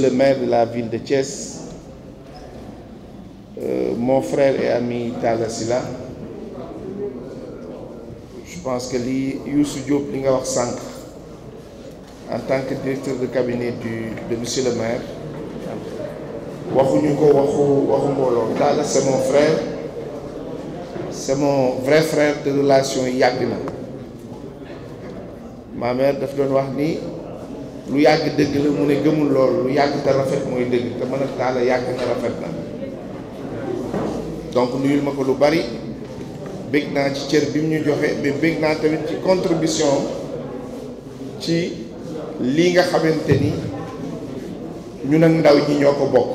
le maire de la ville de Thiès, euh, mon frère et ami Talasila, je pense que Youssou en tant que directeur de cabinet de monsieur le maire c'est mon frère c'est mon vrai frère de relation Yagina. ma mère de doon lu yàgg dëgg la mu ne gëmul loolu lu yàgg te rafet mooy dëgg te mën a taala yàgg na rafet na donc nuyul ma ko lu bari bég naa ci cër bi ñu joxe mais bég naa tamit ci contribution ci lii nga xamante ni ñu nag ndaw ñi ñoo ko bokk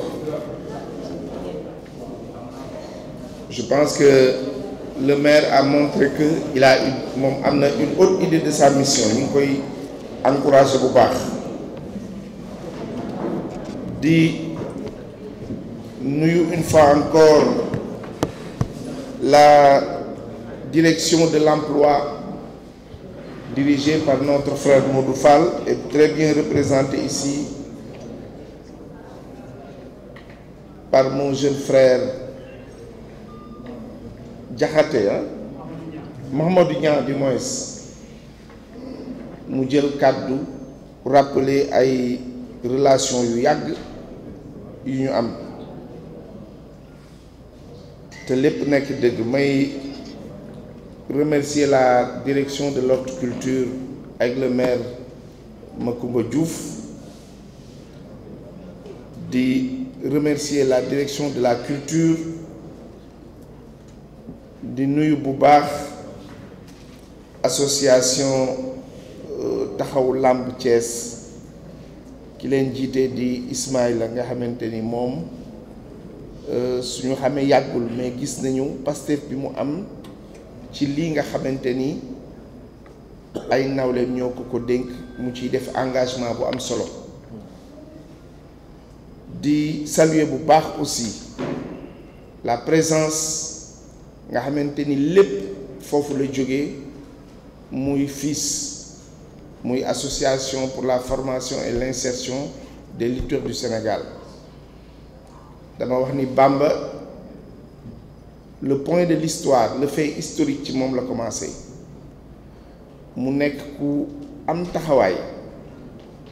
je pense que le maire a montré que il a moom am na une haute idée de sa mission ñu ngi koy encouragé bu baax nous une fois encore la direction de l'emploi dirigée par notre frère Moudoufal est très bien représentée ici par mon jeune frère Djakate, hein? Mohamed du moins, rappeler à relations yu je remercier la direction de culture avec le maire Makumba Diouf de remercier la direction de la culture di nuyu bu association euh, taxaw Lamb ki leen jiite di la nga xamante ni moom euh, suñu xamee yàggul mais gis nañu Pastef bi mu am ci lii nga xamante ni ay nawleem ñoo ko ko dénk mu ciy def engagement bu am solo di saluer bu baax aussi la présence nga xamante ni lépp foofu la jógee muy fils muy association pour la formation et l'insertion des lutteurs du Sénégal dama wax ni Bamba le point de l'histoire le fait historique ci moom la commencé mu nekk ku am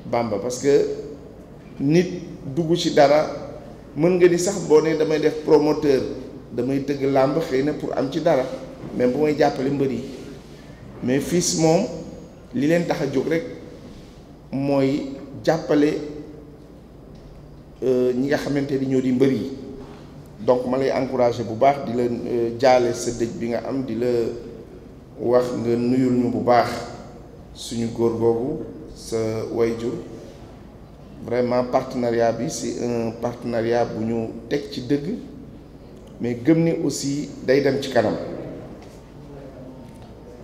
Bamba parce que nit dugg ci dara mën nga di sax boo ne damay def promoteur damay teug lamb xeyna pour am ci dara même bu may jàppale mbër mais fils mom li leen tax a jóg rek mooy jàppale euh, ñi nga xamante ni ñoo di mbër yi donc ma lay encouragé bu baax di la euh, jaale sa dëj bi nga am di la wax nga nuyul ñu bu baax suñu góor googu sa wayjur vraiment partenariat bi c'est un partenariat bu ñu teg ci dëgg mais gëm ni aussi day dem ci kanam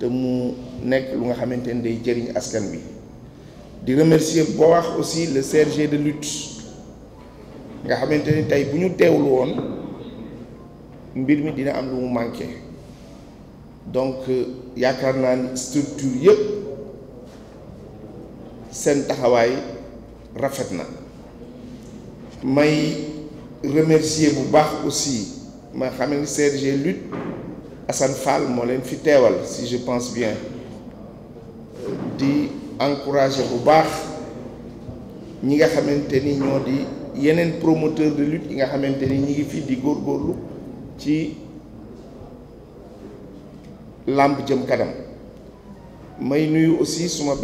te mu nekk lu nga xamante ne day jëriñ askan bi di remercier bu wax aussi le CRG de lutte nga xamante ni tey bu ñu teewlu woon mbir mi dina am lu mu manqué donc euh, yaakaar naa ni structure yëpp seen taxawaay rafet na may remercier bu baax aussi ma xam ne CRG lutte Fall si je pense bien di encourager bu baax ñi nga Il ñoo promoteur de lutte yi nga xamante ni de qui fii di góorgóorlu ci làmb jëm may nuyu aussi suma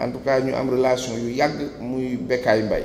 en tout cas ñu am relation yu Yag, muy Bekaï. Mbaye.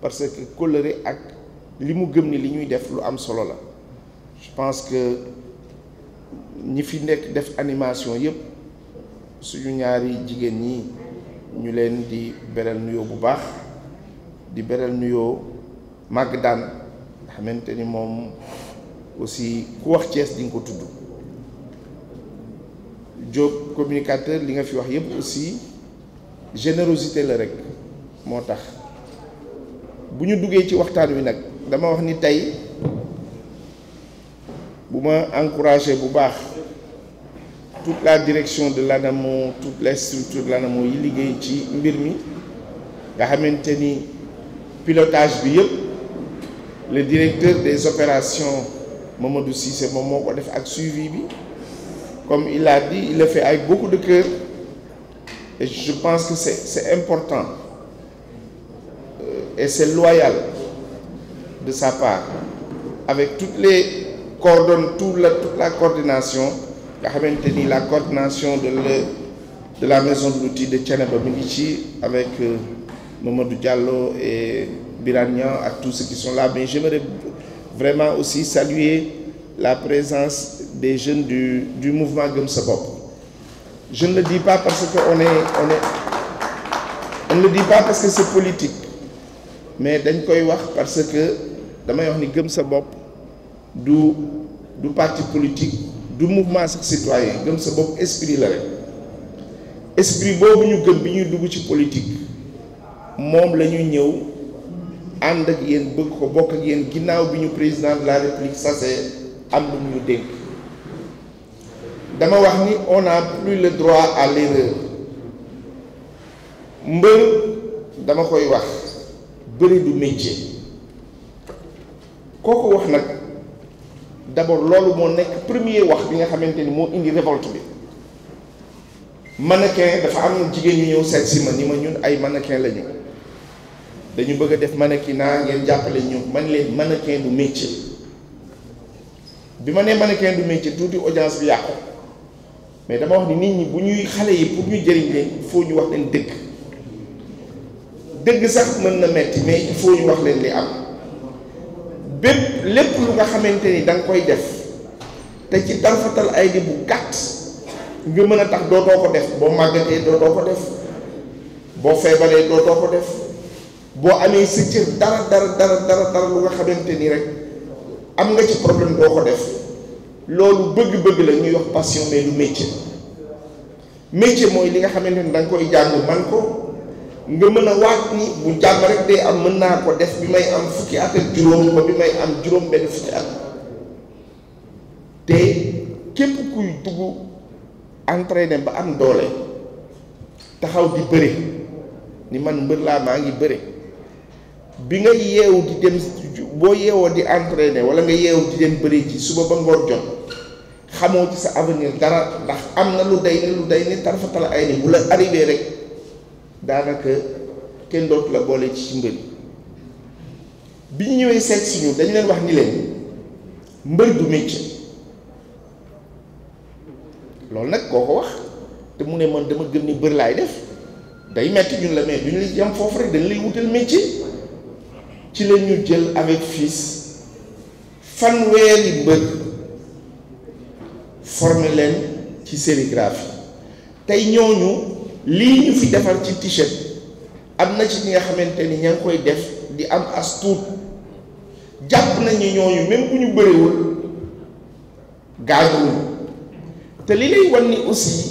parce que kóllëre ak limu gëm ni li ñuy def lu am solo la je pense que ñi fi nek def animation yépp suñu ñaari jigéen ñi ñu leen di beral nuyo bu baax di beral nuyo magdan, daan xamante ni moom aussi ku wax Thiès di nga ko tudd job communicateur li nga fi wax yépp aussi générosité la rek moo tax bu ñu duggee ci waxtaan wi nak dama wax ni tay buma encourager bu baax toute la direction de l'ANAMO toutes les structures de l'ANAMO yi liggéey ci mbir mi nga pilotage le directeur des opérations Mamadou Sissé, moom moo ko def suivi comme il a dit il le fait avec beaucoup de cœur et je pense que c'est important et c'est loyal de sa part, avec toutes les coordonnées, toute la, coordination, la coordination de, la maison de l'outil de Tchanaba avec euh, Mamadou Diallo et Birania, à tous ceux qui sont là. Mais j'aimerais vraiment aussi saluer la présence des jeunes du, mouvement Gumsabop. Je ne le dis pas parce on est, on est... On ne dit pas parce que c'est politique. mais dañ koy wax parce que damay wax ni gëm sa bopp du du parti politique du mouvement sax citoyen gëm sa bopp esprit la rek esprit boobu ñu gëm bi ñuy dugg ci politique moom la ñu ñëw ànd ak yéen bëgg ko bokk ak yéen ginnaaw bi ñu président de la république sase am lu ñu dénk dama wax ni on n'a plus le droit à l'erreur mbër dama koy wax bëri du métier kooku wax nag d'abord loolu moo nekk premier wax bi nga xamante ni moo indi révolte bi mannequin dafa am jigéen ñu ñëw seet si ma ni ma ñun ay mannequin lañu dañu bëgg a def mannequinat ngeen jàppale ñu man leen mannequin du métier bi ma nee mannequin du métier tuuti audience bi yàqu mais dama wax ni nit ñi bu ñuy xale yi pour ñu jëriñ leen il ñu wax leen dëgg. dëgg sax mën na metti mais il faut ñu wax leen li am bépp lépp lu nga xamante ni da nga koy def te ci tarfatal ay di bu gàtt nga mën a tax dootoo ko def boo màggatee dootoo ko def boo feebaree dootoo ko def boo amee sa cër dara dara dara dara dara lu nga xamante ni rek am nga ci problème doo ko def loolu bëgg-bëgg la ñuy wax passion mais du métier mooy li nga xamante ni danga koy jàng man ko nga mëna a waat ni bu jamm rek day am mëna ko def bi may am fukki ak juroom ba bi may am juroom ben fukki ak té képp kuy dugg entraîner ba am doole taxaw di bëré ni man mbeur la ma ngi bëré bi nga yewu di dem bo yeewoo di entraîner wala nga yewu di dem bëré ci suba ba ngor jot xamoo ci sa avenir dara ndax am na lu day ne lu day ne tarfatala ay ni bu la arrivé rek daanaka kenn dootu la boole ci mbër bi ñu ñëwee seet suñu dañu leen wax ni leen mbër du métier loolu nag koo ko wax te mu ne man dama gëm ni mbër laay def day metti ñun la mais duñu la yam foofu rek dañ lay wutal métier ci la ñu jël avec fils fanweeri mbër formé leen ci sérigraphie tey ñooñu. lii ñu fi defar ci t-shirt am na ci ñi nga xamante ni ña ngi koy def di am as tuut jàpp nañu ñooñu même bu ñu bëriwul gaañuwul te li lay wan ni aussi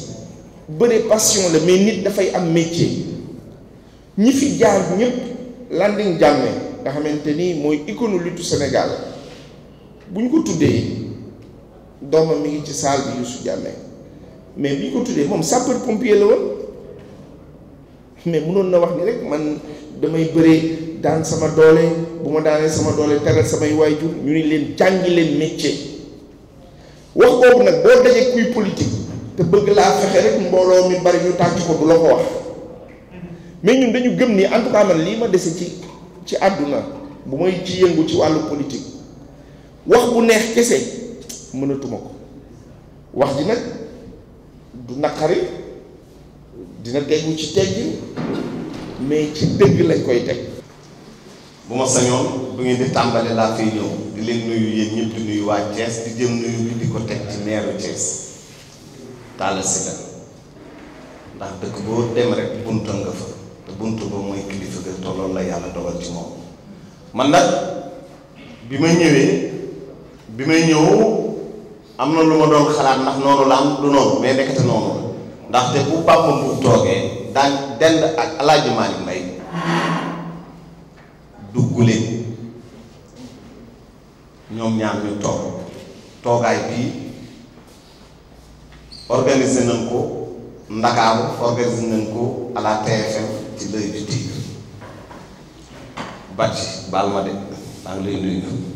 bëri passion la mais nit dafay am métier ñi fi jaar ñëpp Landing Diamé nga xamante ni mooy icône lutte Sénégal bu ñu ko tuddee doomam mi ngi ci salle bi Youssou Diamé mais bi ñu ko tuddee moom sapeur pompier la woon. mais mënoon na wax ni rek man damay bëree daan sama doole bu ma daanee sama doole teral samay waajur ñu ni leen jàngi leen métier wax boobu nag boo dajee kuy politique te bëgg laa fexe rek mbooloo mi bari ñu tàcc ko du la ko wax mais ñun dañu gëm ni en tout lii ma dese ci ci àdduna bu may ci yëngu ci wàllu politique wax bu neex kese mënatuma ko wax ji nag du naqari dina teggu ci teggu mais ci deug lañ koy tek bu ma sañoon bu ngeen di tambalé la fay ñew di leen nuyu yeen ñepp di nuyu wa Thiès di jëm nuyu bi di ko teg ci meeru tala ci la ndax dekk bo dem rek buntu nga fa te buntu bo moy kilifa ga te loolu la yalla dogal ci mom man nak bima ñewé bima ñew amna luma doon xalaat ndax nonu la am du non mais nekkate nonu la ndaxte bu Pape Mamadou toogee daan dend ak El Hadj Malick Mbaye duggule ñoom ñaar ñu toog toogaay bii organiser nañ ko Ndakaaru organiser nañ ko à la TFM ci l'Oeil du Tigre Badji baal ma maa ngi lay nuyu.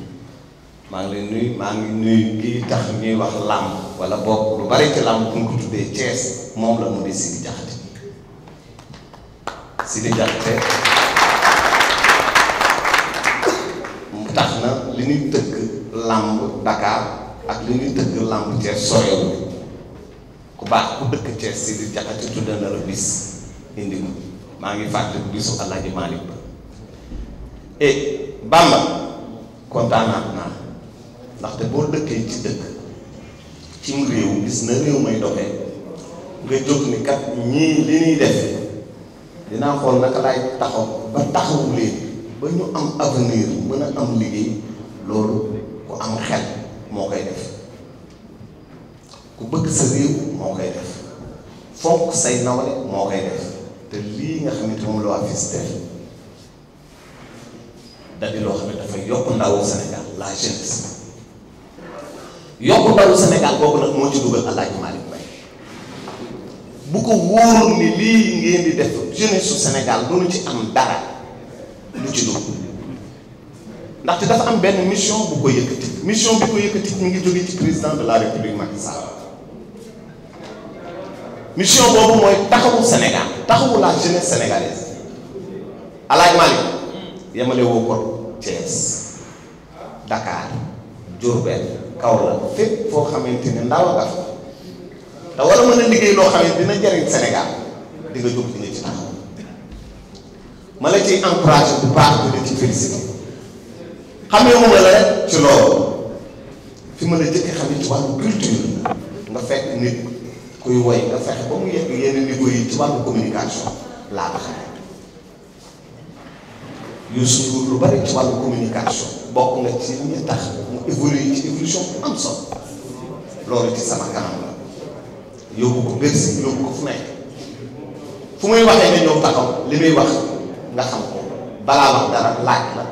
maa ngi ki nuyu maa walau nuyu kii tax ñuy wax làmb wala bokk lu bari ci lam bu ñu ko tuddee Thiès la mu di Sidi Diakhaté Sidi Diakhaté mu tax na li ñuy tëgg làmb Dakar ak li ñuy tëgg làmb Thiès soriwul ku baax ku dëkk Thiès Sidi Diakhaté tudde na la bis indi ko maa ngi bisu Bamba kontaan ndaxte boo dëkkee ci dëkk cim réew gis na réew may doxee nga jóg ni kat ñii li ñuy def dinaa xool naka laay taxaw ba taxawu ba ñu am avenir mën a am liggéey loolu ku am xel moo koy def ku bëgg sa réew moo koy def fonk say nawle moo koy def te lii nga xamante moom la waa FIS def da loo xam ne dafay yokk ndawu Sénégal la jeunesse yokku ndawu Sénégal boobu nag moo ci dugal El Hadj Malick Mbaye bu ko wóor ni lii ngeen di def jeunesse su Sénégal mënu ci am dara lu ci dugg ndaxte dafa am benn mission bu ko yëkkati mission bi ko yëkkati mi ngi jóge ci président de la république Macky Sall mission boobu mooy taxawu Sénégal taxawu la jeunesse sénégalaise El Hadj Malick yemale woo ko Thiès Dakar Diourbel. kaw la fépp foo xamante ne ndaw nga fa te war a a liggéey loo xam ne dina jariñ Sénégal di nga jóg di ci taxaw ma la ciy encouragé bu baax di la ci félicité xam ne moom la ci loolu fi ma la jëkkee xam ne ci wàllu culture nga fekk nit kuy woy nga fexe ba mu yegg yenn niveau yi ci wàllu communication laa tax a Youssou lu bari ci wàllu communication. bokk nga ci li tax mu évoluer ci évolution bu am solo loolu ci sama kanam la yóbbu ko Bercy yóbbu ko fu may fu muy waxee ne ñoom taxaw li muy wax nga xam ko balaa wax dara laaj la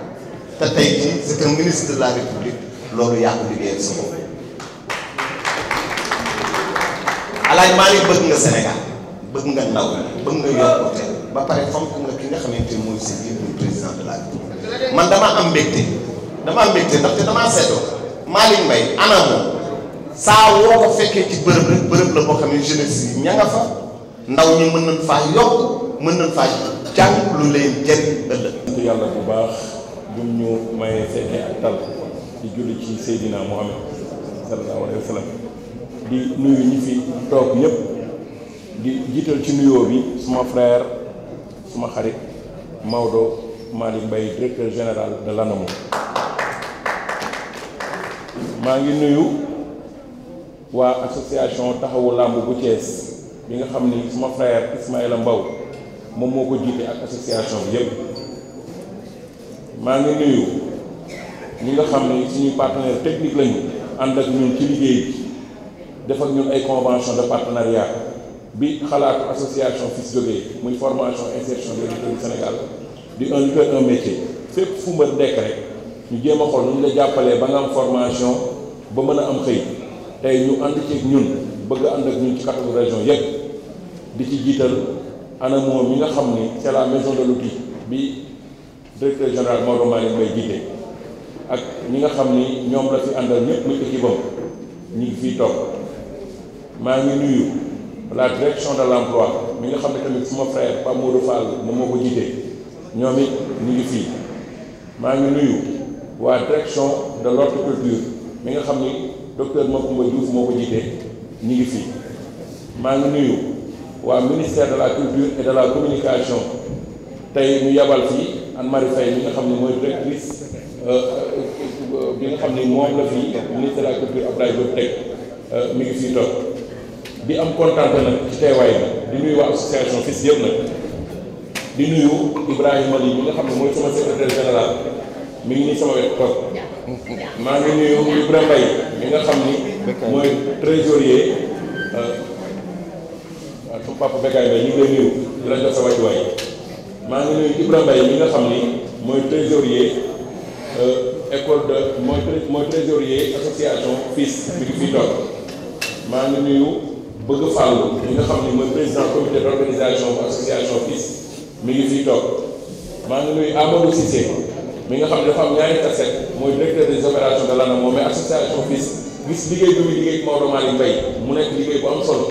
te tey jii c'est un ministre de la République loolu yaa ko liggéeyal alaaj maa ngi bëgg nga Sénégal bëgg nga ndaw bëgg nga yokkute ba pare fonk nga ki nga xamante ni mooy si biir président de la République man dama am mbégte dama am mbégte ndaxte damaa seetlu Malick Mbaye ana moom saa woo ko fekkee ci bërëb rek bërëb la boo xam ne jeunesse yi ña fa ndaw ñi mën nañ faa yokk mën nañ faa jàng lu leen jëriñ ëllëg. yàlla bu baax bu ñu mayee fekkee ak tal di julli ci Seydina Mohamed sallallahu alayhi wa di nuyu ñi fi toog ñëpp di jiital ci nuyoo bi suma frère suma xarit Maodo Malick Mbaye directeur général de l'ANAMO maa nuyu waa association taxawu làmb bu Thiès bi nga xam ni frère Ismaïla Mbaw moom moo ko jiite ak association bi yëpp maa ngi nuyu ñi nga xam ni partenaire technique lañu ànd ak ñun ci liggéey bi def ak ñun ay convention de partenariat bi xalaatu association fis jógee muy formation insertion des lutteurs du Sénégal di un lutteur un métier fépp fu mbër nekk rek ñu jéem a xool nu ñu la jàppalee ba nga am formation ba mën a am xëy tey ñu ànd ceeg ñun bëgg ànd ak ñun ci quatorze régions yëpp di ci jiital ANAMO mi nga xam ni c'est la maison de l'outil bi directeur général Maodo Malick Mbaye jiite ak ñi nga xam ni ñoom la fi àndal ñëpp ci équipe am ñu ngi fiy toog maa ngi nuyu la direction de l'emploi mi nga xam ni tamit suma frère Pape Modou Fall moom moo ko jiite ñoom it ñu ngi fii maa ngi nuyu waa direction de l'horticulture mi nga xam ni docteur Macoumba Diouf moo ko jiite ñu ngi fii maa ngi nuyu waa ministère de la culture e de la communication tey ñu yabal fii Anne Marie Faye mi nga xam ne mooy euh, bi nga xam ni moom la fii ministre de la culture Abdoulaye Diop teg euh, mi ngi fi toog di am kontaan nag ci teewaay bi di nuyu waa association FILS yëpp nag di nuyu Ibrahima Ly mi nga xam ne mooy sama secrétaire général mi ngi nii sama wet toog maa ngi nuyu Ibra Mbaye mi nga xam ni mooy trésorier waaw euh, sama papa Bekkaay Mbaye maa ngi nuyu Ibra nga xam ni mooy trésorier euh, école de mooy mooy trésorier association FIS bi ngi fii toog maa ngi nuyu Bëgg Fàllu mi nga xam ni mooy président comité d' organisation bu association FIS mi ngi fii toog maa ngi nuyu Amadou Cissé mi nga xam ne dafa am ñaari directeur des opérations de l'ANAM moom association FILS gis liggéey bi muy liggéey Maodo Malick mu nekk liggéey bu am solo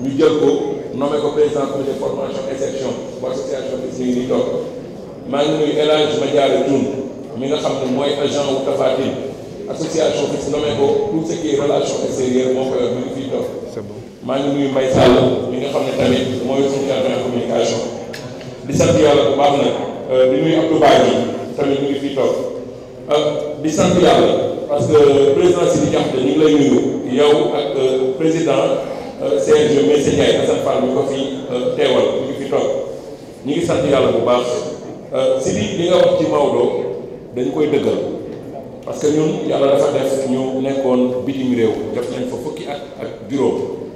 ñu jël ko nommé ko président de formation exception. bu association FILS Je ngi nii ngi nuyu mi nga agent wu association FILS nommé ko tout ce qui est relation extérieure moo koy wax mi ngi toog maa ngi nuyu Mbaye Sall mi nga communication di sant yàlla euh, tamit ñu ngi fii toog ah, di sant yàlla parce que président Sidi Diakhaté ñu ngi lay nuyu yow ak euh, président CNG euh, Meyssa Ndiaye Assane Fall ñu ko fi euh, teewal ñu ngi fi toog ñu ngi sant yàlla bu baax si li nga wax ci Maodo dañ koy dëggal parce que ñun yàlla dafa def ñu nekkoon bitim réew def nañ fa fukki at ak juróom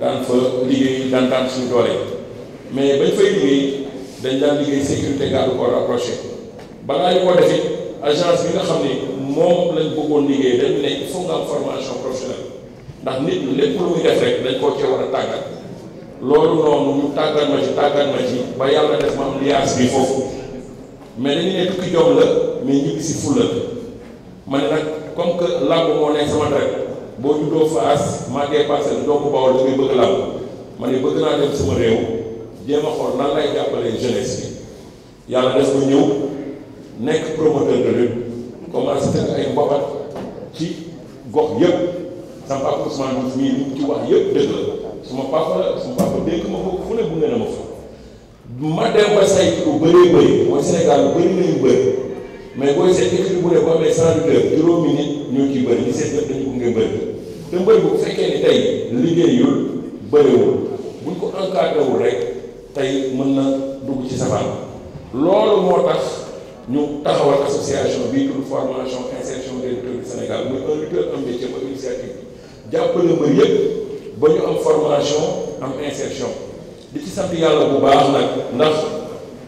daan fa liggéey daan daan suñu doole mais bañ fay liggéey dañ daan liggéey sécurité garde corps rapproché balaa ñu ko defee agence bi nga xam ne moom lañ bëggoon liggéey dañu ne il formation professionnelle ndax nit lépp lu muy def rek dañ koo cee war a tàggat loolu noonu ñu tàggat ma ci tàggat ma ci ba yàlla def ma am liaas bi foofu mais dañu ne tukki jom la mais ma ne nag comme que làmb moo nekk sama rek boo juddoo Faas màggee Parcelles doo ko Bawol da ngay bëgg làmb ma ne bëgg naa dem sama réew jéem a xool nan lay jàppalee jeunesse bi yàlla def ko ñëw. Next promoteur de lutte commencé teg ay mbabat ci gox yëpp sama papa Ousmane Mouss mi ni ci wax yëpp deug la sama papa sama papa dénk ma ko fune bu ngeena ma fa ma dem ba say ko bëree bëri mo Sénégal lu bëri nañu bëri mais boy seet équipe bu ne ko amee sans deux juróomi minute ñu ci bëri ñu seet ñëpp ko ngeen bëri te mbër bu fekkee ni yu liggéeyul wu buñ ko encadré wu rek tay mëna dugg ci lolu motax ñu association bi tudd formation insertion des jeunes du Sénégal muy un lutteur un métier une initiative jàppale ma yëpp ba ñu am formation am insertion di ci sant yalla bu baax nak ndax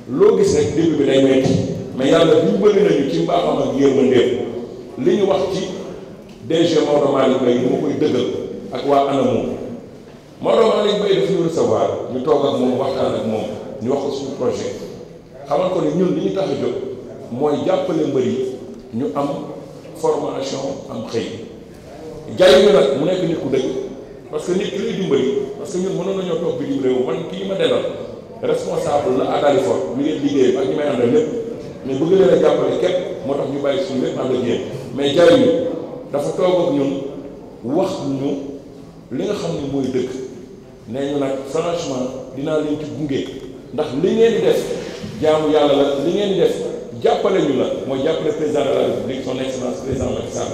lo gis rek début bi day metti mais yàlla dimbali nañu ci mbaaxam ak yërmandeem li ñu wax ci DG Maodo Malick koy dëggal ak wa ANAMO Maodo Malick Mbaye daf ñu recevoir ñu toog ak mom waxtaan ak mom ñu wax ko suñu projet xamal ko ni ñun li ñu mooy jàppale mbër yi ñu am formation am xëy jaay ñu nag mu nekk nit ku dëgg parce que nit ki lay dimbali parce que ñu mënoon nañoo toog bitim réew man kii ma delal responsable la à Dalifort mi ngeen liggéey ak ñi may àndal lépp mais bëgg leen a jàppale képp moo tax ñu bàyyi suñu lépp ànd ak yéen mais jaay ñu dafa toog ak ñun wax ñu li nga xam ni mooy dëgg nee ñu nag franchement dinaa leen ci gunge ndax li ngeen di def jaamu yàlla la li ngeen di jàppale ñu la mooy jàppale président de la république son excellence président Macky Sall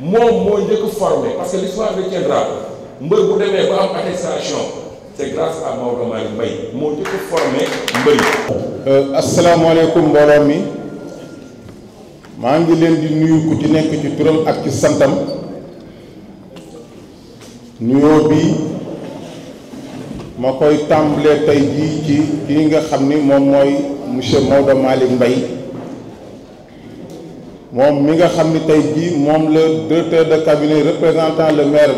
moom moo njëkk formé parce que l'histoire retiendra mbër bu demee ba am attestation c'est grâce à Maodo Malick Mbaye moo njëkk formé mbër yi. Euh, asalaamaaleykum mbooloo mi maa ngi leen di nuyu ku ci nekk ci turam ak ci santam nuyoo bi. ma koy tàmbalee tey jii ci kii nga xam ni moom mooy monsieur Maodo Malick Mbaye moom mi nga xam ni tey jii moom la directeur de cabinet représentant le maire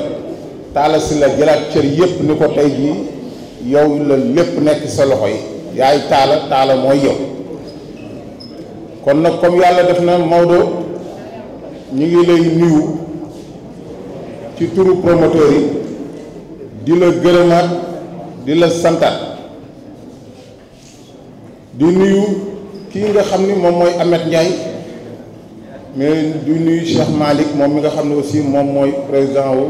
Talla Sylla la jëlaat cër yépp ni ko tey jii yow la lépp nekk sa loxo yi yaay Talla Talla mooy yow kon nag comme yàlla def na Maodo ñu ngi lay nuyu ci turu promoteur yi di la gërëmaat di la santaat di nuyu kii nga xam ni moom mooy Ameth Ndiaye mais di nuyu Cheikh Malick moom mi nga xam ne aussi moom mooy président wu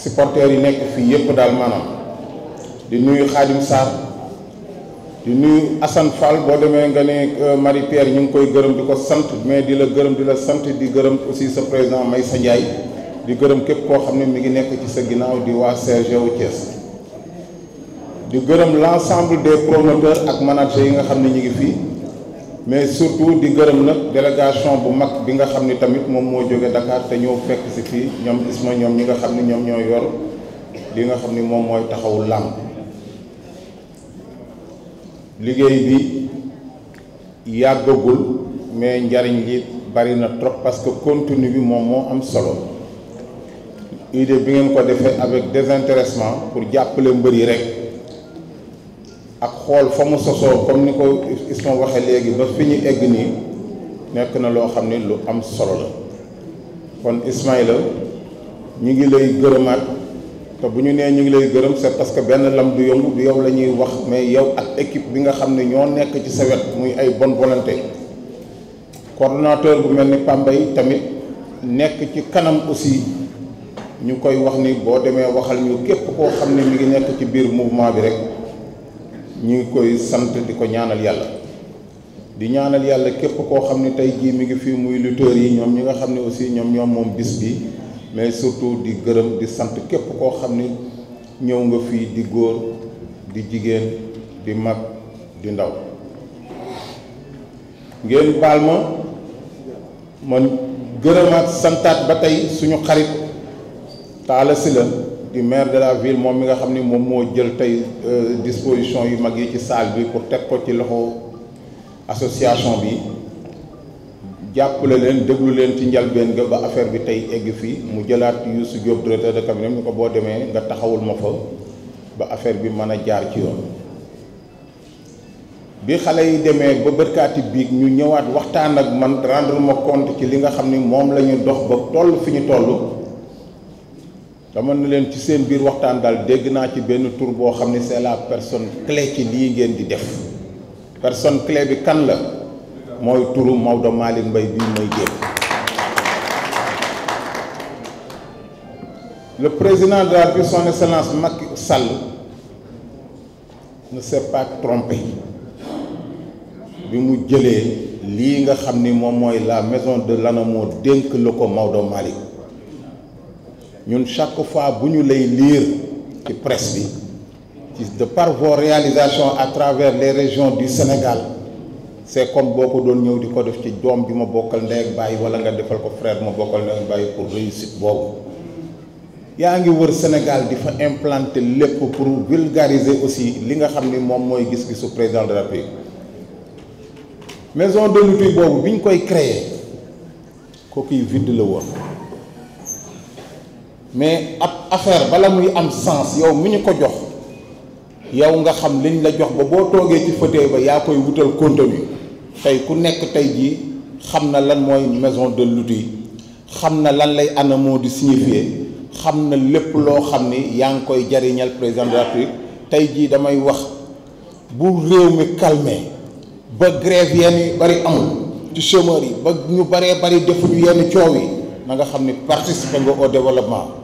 supporters yi nekk fii yëpp daal maanaam di nuyu Khadim Sarr di nuyu Assane Fall boo demee nga ne euh, Marie Pierre ñu ngi koy gërëm di ko sant mais di la gërëm di la sant di gërëm aussi sa président Maysa Ndiaye di gërëm képp koo xam ne mi ngi nekk ci sa ginnaaw di waa Serge wu Thiès di gërëm l'ensemble des promoteurs ak managers yi nga xam ne ñu ngi fii mais surtout di gërëm nag délégation bu mag bi nga xam ni tamit moom moo jóge Dakar te ñëw fekk si fii ñoom gis ma ñoom ñi nga xam ni ñoom ñoo yor li nga xam ni moom mooy taxawu làmb liggéey bi yàggagul mais njariñ li bari na trop parce que contenu bi moom moo am solo idée bi ngeen ko defee avec désintéressement pour jàppale mbër yi rek. ak xol fa mu sosoo comme ni ko isma waxe legui ba fiñu egg ni nek na lo xamni lu am solo la kon Ismaïla ñi ngi lay gëreumat te buñu ñu ñi ngi lay gëreum c'est parce que ben lam du yomb du yow lañuy wax mais yow ak équipe bi nga xamni ño nek ci sa wet muy ay bonne volonté coordinateur bu melni Pambay tamit nek ci kanam aussi ñu koy wax ni bo démé waxal ñu képp ko xamni mi ngi nek ci biir mouvement bi rek ñu ngi koy sant di ko ñaanal yàlla di ñaanal yàlla képp koo xam ni tey jii mi ngi fii muy lutteurs yi ñoom ñi nga xam ne aussi ñoom ñoom moom bis bi mais surtout di gërëm di sant képp koo xam ni ñëw nga fii di góor di jigéen di mag di ndaw ngeen baal ma man gërëmaat santaat ba tey suñu xarit Talla Sylla du maire de la ville moom mi nga xamni mom mo jël tay euh, disposition yu mag yi ci salle bi pour tek ko ci loxo association bi jàppale leen déglu leen ci njalbeen ga ba affaire bi tay egg fi mu jëlat Youssou Diop directeur de cabinet ñu ko bo démé nga taxawul ma fa ba affaire bi mën jaar ci yoon bi xalé yi démé ba bërkaati bi ñu ñëwaat waxtaan ak man rendre ma compte ci li nga xamni mom lañu dox ba toll fi ñu toll dama ne leen ci seen biir waxtaan daal dégg naa ci benn tour boo xam ne c'est la personne clé ci lii ngeen di def personne clé bi kan la mooy turu Maodo Malick Mbaye bii mooy génn le président de la République son excellence Macky Sall ne s'est pas trompé bi mu jëlee lii nga xam ni moom mooy la maison de l'ANAMO dénk la ko Maodo Malick nous, chaque fois que nous lay lire ci presse de par vos réalisations à travers les régions du Sénégal c'est comme beaucoup de doon qui di ko def ci doom bi ma bokkal ndey ak bàyyi wala nga defal ko frère ma bokkal ndey pour wër Sénégal qui fa implanter lépp pour vulgariser aussi ce que xam ni moom mooy gis président de la République maison de l'outil boobu bi ñu koy créer vide la woon mais ab affaire bala muy am sens yow mi ñu ko jox yow nga xam liñ la jox ba boo toogee ci fauteuil ba yaa koy wutal contenu tey ku nekk tey jii xam na lan mooy maison de l'outil xam na lan lay anamoo di signifier xam na lépp loo xam ni yaa ngi koy jariñal président de la tey jii damay wax bu réew mi calmé ba grève yenn bari amul ci chômeurs yi ba ñu baree bari defuñu yenn coow yi na nga xam ni participer nga au développement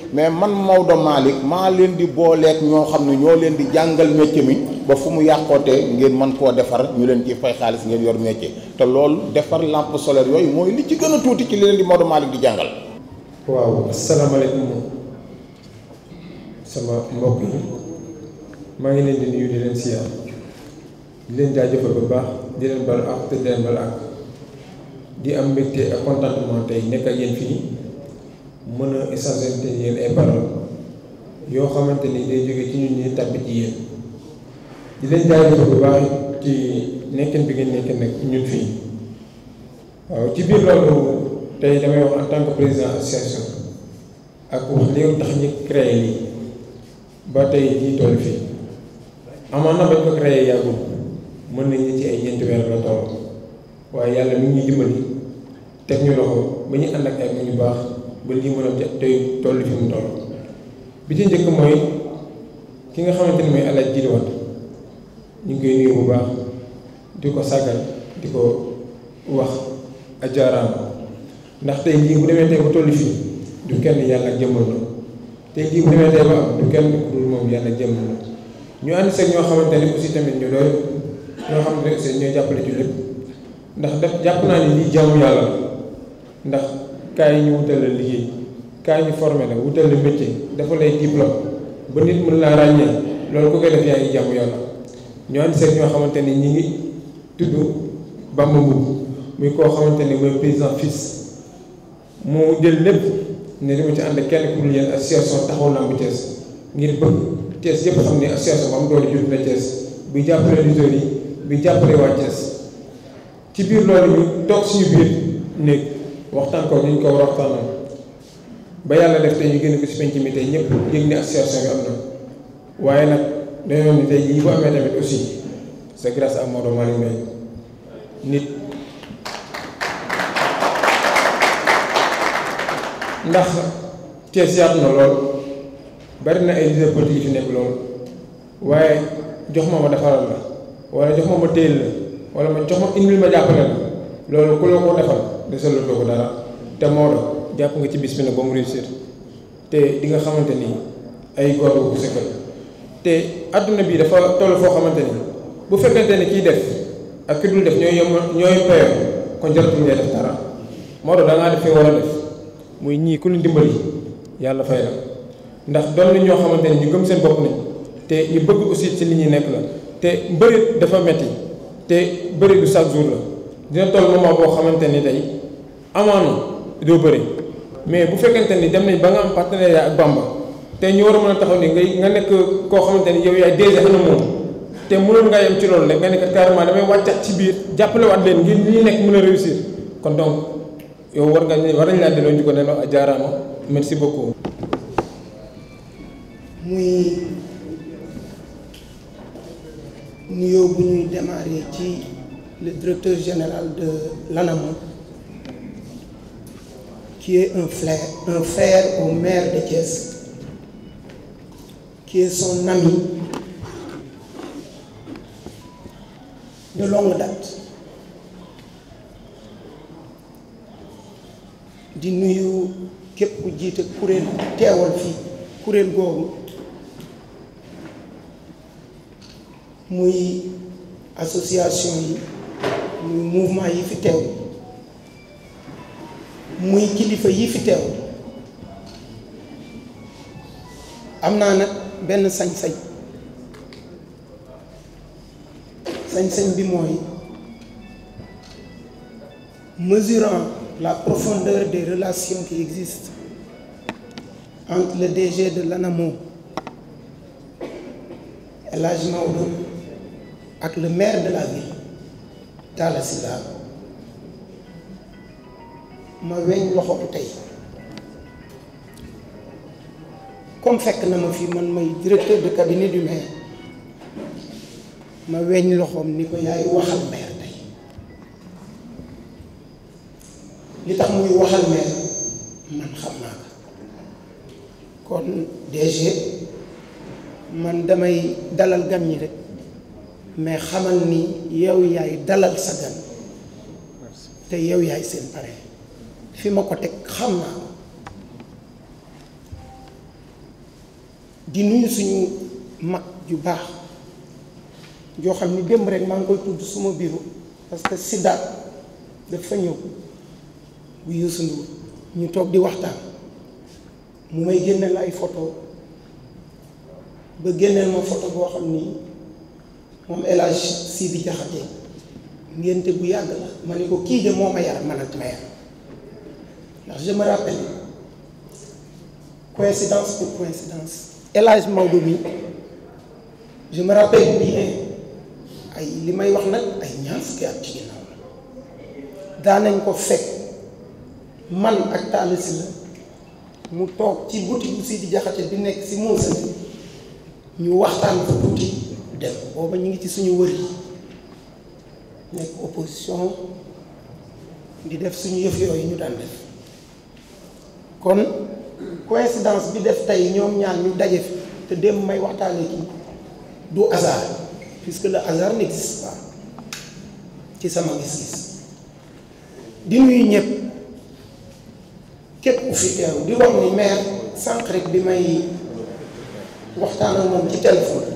mais man Maodo Malick maa leen di booleeg ñoo xam ne ñoo leen di jàngal métier mi ba fu mu yàqootee ngeen mën koo defar ñu leen ci fay xaalis ngeen yor métier te loolu defar lampe solaire yooyu mooy li ci gën a tuuti ci li leen di Maodo Malick di jàngal. waaw asalaamaaleykum sama mbokk yi maa ngi leen di nuyu di leen siyaar di leen jaajëfal bu baax di leen bal ak di am mbégte ak contentement tey nekk ak yéen fii. mën a échanger yéen ay parole yoo xamante ni day jóge ci ñun ñuy tàbbi ci di leen jaajëfal bu baax ci nekkin bi ngeen nekkin nag ñun fii waaw ci biir loolu tey damay wax en tant que président association ak wax léegi tax ñu créé lii ba tey jii toll fii amoon na bañ ko créé yàggul mën nañu ci ay ñeenti weer la toll waaye yàlla mi ngi dimbali teg ñu loxo ba ñu ànd ak ay mu ñu baax. ba lii mën a tey toll fi mu toll bi ci njëkk mooy ki nga xamante ni mooy El Hadj Djily ngi koy nuyu bu baax di ko sàggal di ko wax ajaaraama ndax tey lii bu demee tey ba toll fii du kenn yàlla jëmmal na tey lii bu demee tey ba am du kenn ku dul moom yàlla jëmmal na ànd seeg ñoo xamante ne aussi tamit ñu doy ñoo xam ne seen ñoo jàppale ci ndax def jàpp naa ne lii jaamu yàlla ndax. kaay ñu wutal la liggéey kaay ñu formé la wutal la métier dafa lay diplôme ba nit mën laa ràññee loolu ku koy def yaa ngi jàmm yàlla ñoo ànd seeg ñoo xamante ni ñi ngi tudd Bamba mu muy koo xamante ni mooy en fils moo jël lépp ne dama ci ànd kenn ku dul yéen association taxawu lamb Thiès ngir bëgg Thiès yëpp xam ne association ba am doole jur na Thiès bi jàppale lutteurs yi bi jàppale waa Thiès ci biir loolu ñu toog suñu biir néeg waxtaan ko ni ko war a ba yàlla def tey ñu génn ko si penc mi tey ñëpp yëg ne association bi am na waaye nag dañoo ni tey jii bu amee tamit aussi c'est grâce à Maodo Malick Mbaye nit ndax Thiès yaatu na lool bari na ay leader politique yi fi nekk lool waaye jox ma ma defaral la wala jox ma ma téyel la wala jox ma indil ma jàppale la loolu ku la ko defal desal lu ko dara te Maodo jàpp nga ci bis bi nag ba mu réussir te di nga xamante ni ay góor bu sëkkal te adduna bi dafa toll foo xamante ni bu fekkente ni kiy def ak ki dul def ñooy yem ñooy payoo kon jaratul ngay def dara Maodo da ngaa defe fee war a def muy ñii ku ñu dimbali yàlla fay la ndax doon na ñoo xamante ni ñu gëm seen bopp nañ te ñi bëgg aussi ci li ñuy nekk la te mbëri dafa metti te bëri du chaque jour la dina toll moment boo xamante ni tey. amaana do bëri mais bu fekkente ni dem nañ ba nga am partenariat ak Bamba te ñu war a mën a taxaw ni ngay nga nekk koo xamante ni yow yaay déjà na moom te mënoon nga yem ci loolu rek nga nekk carrément damay wàccaat ci biir jàppale waat leen ngir li ñu nekk mën a réussir kon donc yow war nga war nañ laa delloo ñu ko neenoo ak jaaraama merci beaucoup. muy nuyoo bu ñuy démarré ci le directeur général de l'ANAMO qui est un frère, un au maire de Thiès, qui est son ami de longue date. di nuyu képp ku jiite kuréel association yi mouvement yi fi muy kilifa yi fi teew am Ben nag benn sañ bi mesurant la profondeur des relations qui existent entre le DG de l'ANAMO et Hadj ak le maire de la ville Talla ma weñ loxoom tey comme fekk na ma fi man may directeur de cabinet du maire ma weñ loxoom ni ko yaay waxal maire tey li tax muy waxal maire man xam naa ko kon DG man damay dalal gan ñi rek mais xamal ni yow yaay dalal sa gan te yow yaay seen pare fi ma ko tek xam di nuyu suñu mag ju baax joo xam ni démb rek maa ngi koy tudd suma biiru parce que siddaat fa ñëw bu Youssou ñu toog di waxtaan mu may génneel ay photo ba génneel ma photo boo xam ni moom El Hadj Sidi Diakhaté ngénte bu yàgg la ma ne ko kii de moo ma yar man ak ma yar ndax je me rappelle coïncidence pour coïncidence El mi je me rappelle ay li may wax nag ay ñaar fukki at ci ginnaaw la daanañ ko fekk man ak Talla Sylla mu toog ci boutique bu Sidi Diakhaté bi nekk si Moussa ñu waxtaan ko tuuti dem booba ñu ngi ci suñu wër yi nekk opposition di def suñu yëf yooyu ñu daan def kon coïncidence bi def tay ñom ñaan ñu dajé fi te dem may waxtaane ki du hasard puisque le hasard n'existe pas ci sama gis-gis di nuy ñep képp ku fi teew di wax ni maire sank rek bi may waxtaan ak moom ci téléphone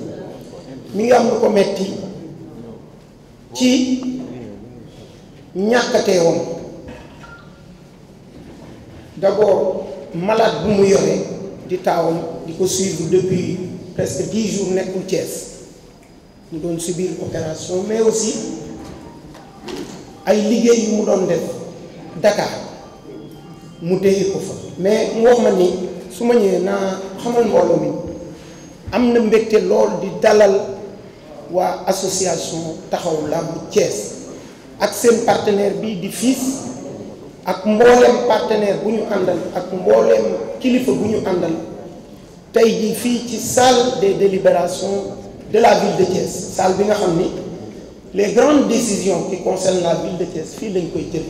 mi ngi am lu ko metti ci ñàkkateewam d'abord malade bu mu di tawam suivre depuis presque 10 jours nekkul Thiès mu subi subir opération mais aussi ay liguey mu don def Dakar mais mu wax ma ni mi di dalal wa association taxaw Thiès ak partenaire bi FILS ak mbooleem partenaire bu ñu àndal ak mbooleem kilifa bu ñu àndal tey jii fii ci salle des délibérations de la ville de Thiès salle bi nga xam ni les grandes décisions qui concernent la ville de Thiès fii lañ koy jël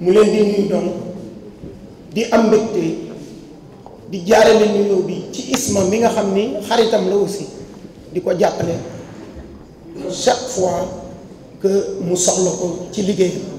mu leen di nuyu doon di am mbégte di jaarale nuyoo bi ci isma mi nga xam ni xaritam la aussi di ko jàppale chaque fois que mu soxla ko ci liggéeyam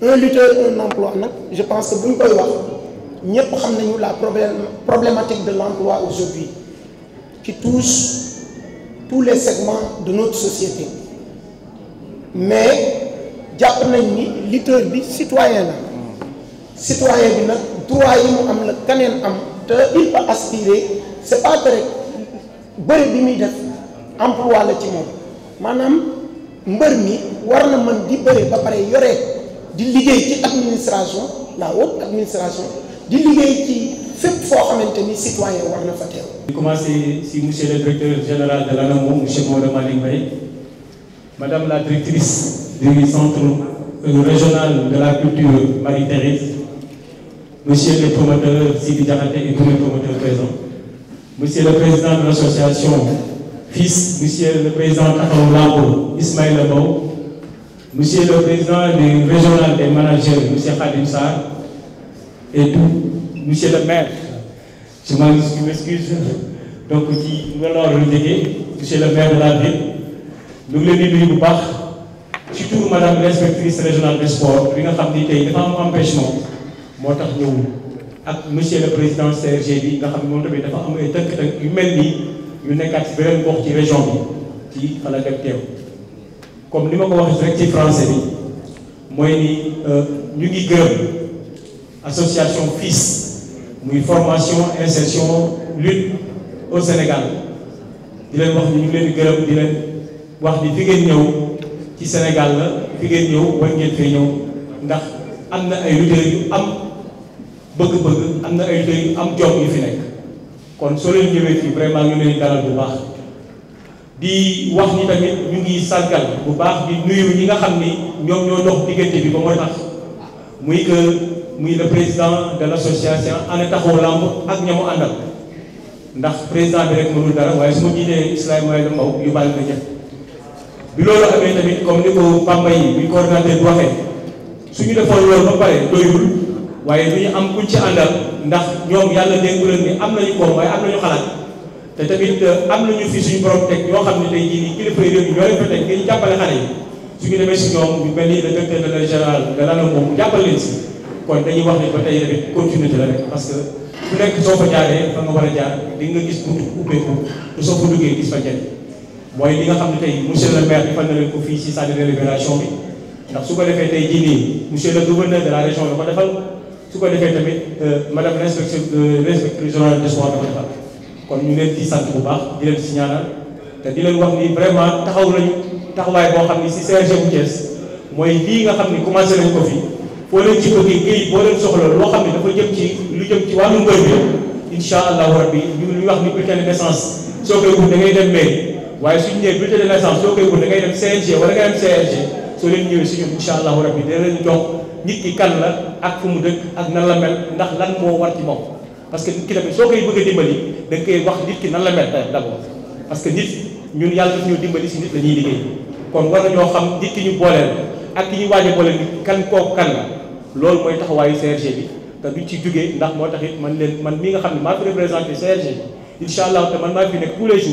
un lutteur un emploi je pense que vous le koy wax la problématique de l'emploi aujourd'hui qui touche tous les segments de notre société mais jàpp nañ ni lutteur bi citoyen la citoyen bi droit yi mu am il peut aspirer c'est pas très Il doit bi muy def emploi la ci moom maanaam mbër war na di liggéey administration la haute administration di qui ci fait foo maintenir ni citoyen war na commencer si monsieur le directeur général de l'ANAMO monsieur Maodo de madame la directrice du centre régional de la culture Marie-Thérèse monsieur le promoteur Sidi Diakhaté et tous les promoteurs présents monsieur le président de l'association FIS monsieur le président Taxawu Lambo Ismaïla Labo. Monsieur le président du régional des managers, Monsieur Khadim Sarr, et tout, Monsieur le maire, je m'excuse, donc nous allons le Monsieur le maire de la ville nous le dit surtout madame l'inspectrice régionale des sports nous avons dit que nous avons nous empêchement monsieur le président bi nga région comme ni ma ko wax rek ci français bi mooy ni euh, ñu ngi gërëm association fils muy formation insertion lutte au Sénégal di leen wax ni ñu ngi leen di gërëm di leen wax ni fi ngeen ñëw ci Sénégal la fi ngeen ñëw war ngeen fee ñëw ndax am na ay lutteurs yu am bëgg-bëgg am na ay lutteurs yu am jom yu fi nekk kon soo leen ñëwee fii vraiment ñu leen dalal bu baax. di wax ni tamit ñu ngi sàggal bu baax di nuyu ñi nga xam ni ñoom ñoo dox diggante bi ba moo tax muy que muy le président de l' association ana taxawu làmb ak ñamu àndal ndax président bi rek mënul dara waaye su ma jiitee Islam mooy la mbaw yu bàyyi na ñëpp bi loolu amee tamit comme ni ko Bamba yi bi coordinateur bi waxee suñu defoon loolu ba pare doyul waaye du ñu am kuñ ci àndal ndax ñoom yàlla déggu leen ni am nañu koom waaye am nañu te tamit euh, am nañu fi suñu borom teg ñoo xam ne tey jii nii kilifa yi réew ñoo leen fa teg ngir jàppale xale yi su ñu demee si ñoom ñu mel ni le directeur de la général de la moom jàppale leen si kon dañuy wax ne ba tey rek continuité la rek parce que ku nekk soo fa jaaree fa nga war a jaar di nga gis buntu ubbeeku te soo ko duggee gis fa njëriñ mooy li nga xam ne tey monsieur le maire defal na leen ko fii si salle de libération bi ndax su ko defee tey jii nii monsieur le gouverneur de la région da ko defal su ko defee tamit euh, madame l'inspectrice euh, de l'inspectrice générale des sports la ko defal. kon ñu leen ci sant bu baax di leen si ñaanal te di leen wax ni vraiment taxaw nañu taxawaay boo xam ni si CRG bu Thiès mooy lii nga xam ni commencé nañ ko fi foo leen ci bëggee këyit boo leen soxla loo xam ne dafa jëm ci lu jëm ci wàllu mbër bi incha allahu rabbi ñu ñu wax ni bulletin de naissance soo koy wut da ngay dem mairie waaye suñu nee bulletin de naissance soo koy wut da dem CNG wala nga dem CRG soo leen ñëwee suñu incha allahu rabbi dina leen jox nit kan la ak fu mu ak nan la mel ndax lan moo war ci parce que nit ki tamit soo koy bëgg dimbali da koy wax nit ki nan la mel d'abord parce que nit ñun yàlla daf ñoo dimbali si nit la ñuy liggéey kon war nañoo xam nit ki ñu booleel ak ki ñu waaj a booleel kan kooku kan la loolu mooy taxawaayu CRG bi te duñ ci jógee ndax moo tax man leen man mi nga xam ne maa fi représenté CRG bi incha allah te man maa fi nekk tous les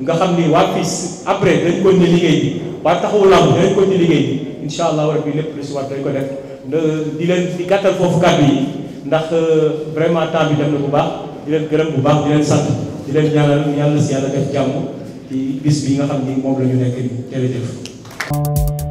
nga xam ni waa FIS après dañ ko ne liggéey bi waa taxawu làmb liggéey bi allah rabbi lépp lu si war ko def ndax euh, vraiment temps bi dem na bu baax di leen gërëm bu baax di leen sant di leen ñaanal yàlla si yàlla def jàmm ci bis bi nga xam ni moom la ñu nekk nii jërëjëf